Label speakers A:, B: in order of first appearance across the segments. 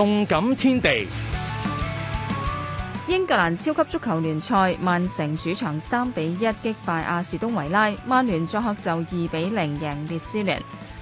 A: 動感天地。英格蘭超級足球聯賽，曼城主場三比一擊敗阿士東維拉，曼聯作客就二比零贏列斯聯。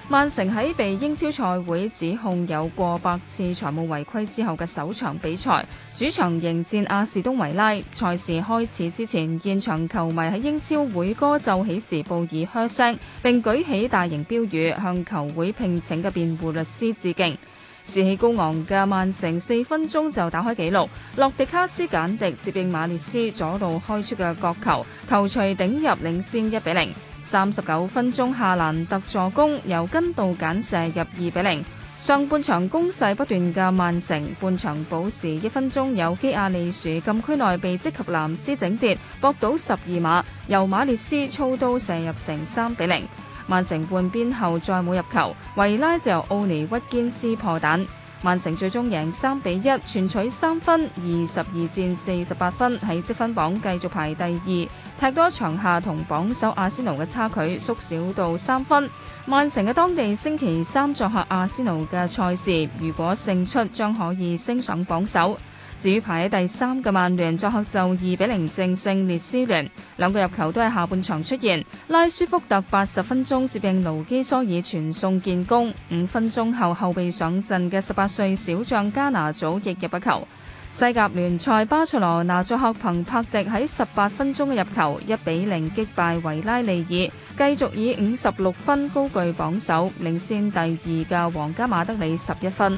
A: 曼城喺被英超賽會指控有過百次財務違規之後嘅首場比賽，主場迎戰阿士東維拉。賽事開始之前，現場球迷喺英超會歌奏起時報以噓聲，並舉起大型標語向球會聘請嘅辯護律師致敬。士氣高昂嘅曼城四分鐘就打開紀錄，洛迪卡斯簡迪接應馬列斯左路開出嘅角球，頭槌頂入，領先一比零。三十九分鐘，夏蘭特助攻，由根度簡射入二比零。上半場攻勢不斷嘅曼城，半場補時一分鐘，有基亞利樹禁區內被積及藍斯整跌，博到十二碼，由馬列斯操刀射入，成三比零。曼城換邊後再冇入球，維拉就由奧尼屈堅斯破蛋。曼城最終贏三比一，全取三分，二十二戰四十八分，喺積分榜繼續排第二。踢多場下同榜首阿仙奴嘅差距縮小到三分。曼城嘅當地星期三作客阿仙奴嘅賽事，如果勝出，將可以升上榜首。至於排喺第三嘅曼聯，作客就二比零正勝列斯聯，兩個入球都係下半場出現。拉舒福特八十分鐘接應盧基索爾傳送建功，五分鐘後後備上陣嘅十八歲小將加拿祖亦入一球。西甲聯賽巴塞羅那作客憑帕迪喺十八分鐘嘅入球一比零擊敗維拉利爾，繼續以五十六分高踞榜首，領先第二嘅皇家馬德里十一分。